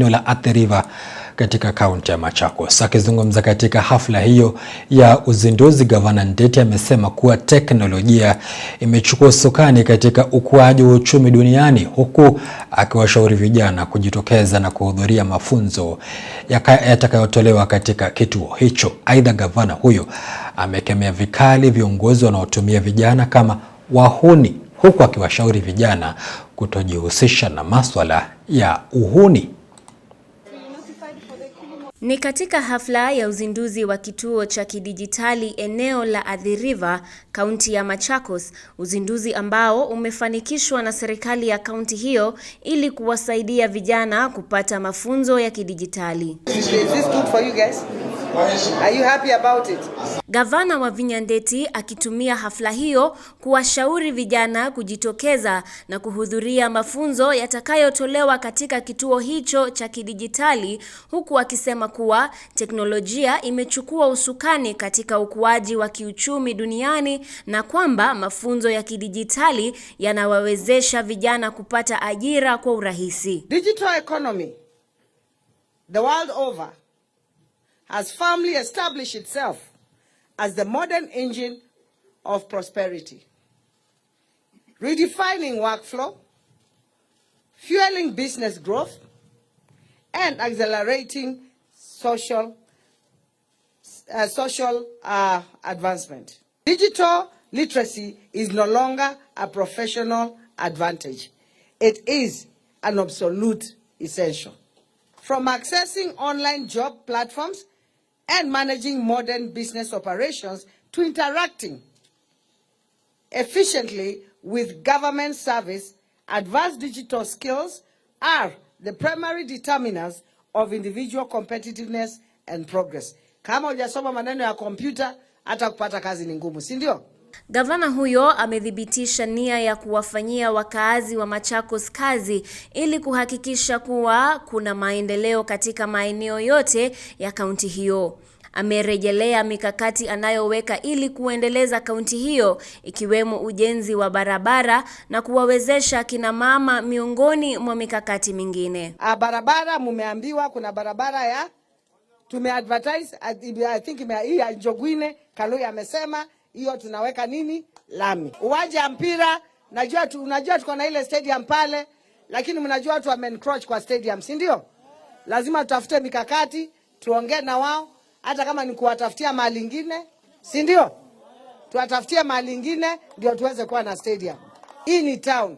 eneo la Athi River katika kaunti ya Machakos. Akizungumza katika hafla hiyo ya uzinduzi, Gavana Ndeti amesema kuwa teknolojia imechukua usukani katika ukuaji wa uchumi duniani, huku akiwashauri vijana kujitokeza na kuhudhuria mafunzo yatakayotolewa katika kituo hicho. Aidha, gavana huyo amekemea vikali viongozi wanaotumia vijana kama wahuni, huku akiwashauri vijana kutojihusisha na maswala ya uhuni. Ni katika hafla ya uzinduzi wa kituo cha kidijitali eneo la Athi River, kaunti ya Machakos, uzinduzi ambao umefanikishwa na serikali ya kaunti hiyo ili kuwasaidia vijana kupata mafunzo ya kidijitali. Are you happy about it? Gavana Wavinya Ndeti akitumia hafla hiyo kuwashauri vijana kujitokeza na kuhudhuria mafunzo yatakayotolewa katika kituo hicho cha kidijitali huku akisema kuwa teknolojia imechukua usukani katika ukuaji wa kiuchumi duniani na kwamba mafunzo ya kidijitali yanawawezesha vijana kupata ajira kwa urahisi. Digital economy. The world over. has firmly established itself as the modern engine of prosperity, redefining workflow, fueling business growth, and accelerating social, uh, social uh, advancement. Digital literacy is no longer a professional advantage. It is an absolute essential. From accessing online job platforms and managing modern business operations to interacting efficiently with government service, advanced digital skills are the primary determinants of individual competitiveness and progress. Kama hujasoma maneno ya kompyuta, hata kupata kazi ni ngumu, si ndio? Gavana huyo amethibitisha nia ya kuwafanyia wakaazi wa Machakos kazi ili kuhakikisha kuwa kuna maendeleo katika maeneo yote ya kaunti hiyo. Amerejelea mikakati anayoweka ili kuendeleza kaunti hiyo ikiwemo ujenzi wa barabara na kuwawezesha kina mama miongoni mwa mikakati mingine. A ah, barabara mumeambiwa kuna barabara ya tumeadvertise I think ya Njogwine Kaloi amesema hiyo tunaweka nini lami. Uwanja mpira najua tu, unajua tuko na ile stadium pale, lakini mnajua watu wameencroach kwa stadium, si ndio? Lazima tutafute mikakati, tuongee na wao, hata kama ni kuwatafutia mahali ingine, si ndio? Tuwatafutie mahali ingine ndio tuweze kuwa na stadium. Hii ni town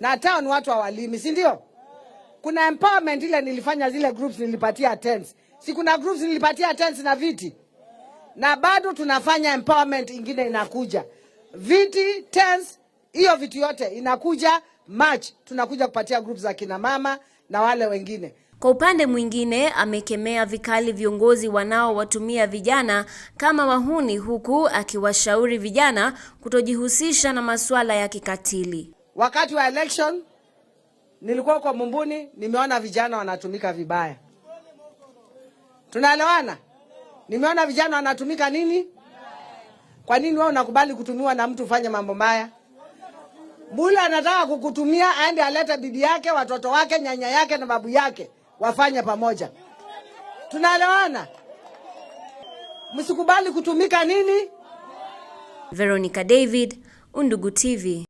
na town watu hawalimi, si ndio? Kuna empowerment ile nilifanya, zile groups nilipatia tents, si kuna groups nilipatia tents na viti na bado tunafanya empowerment ingine inakuja, viti tens hiyo vitu yote inakuja March, tunakuja kupatia group za kina mama na wale wengine. Kwa upande mwingine, amekemea vikali viongozi wanaowatumia vijana kama wahuni, huku akiwashauri vijana kutojihusisha na masuala ya kikatili. Wakati wa election nilikuwa kwa Mumbuni, nimeona vijana wanatumika vibaya. Tunaelewana? Nimeona vijana wanatumika nini? Kwa nini wewe unakubali kutumiwa na mtu ufanye mambo mbaya? Bula anataka kukutumia aende alete bibi yake, watoto wake, nyanya yake na babu yake wafanye pamoja. Tunaelewana? Msikubali kutumika nini? Veronica David, Undugu TV.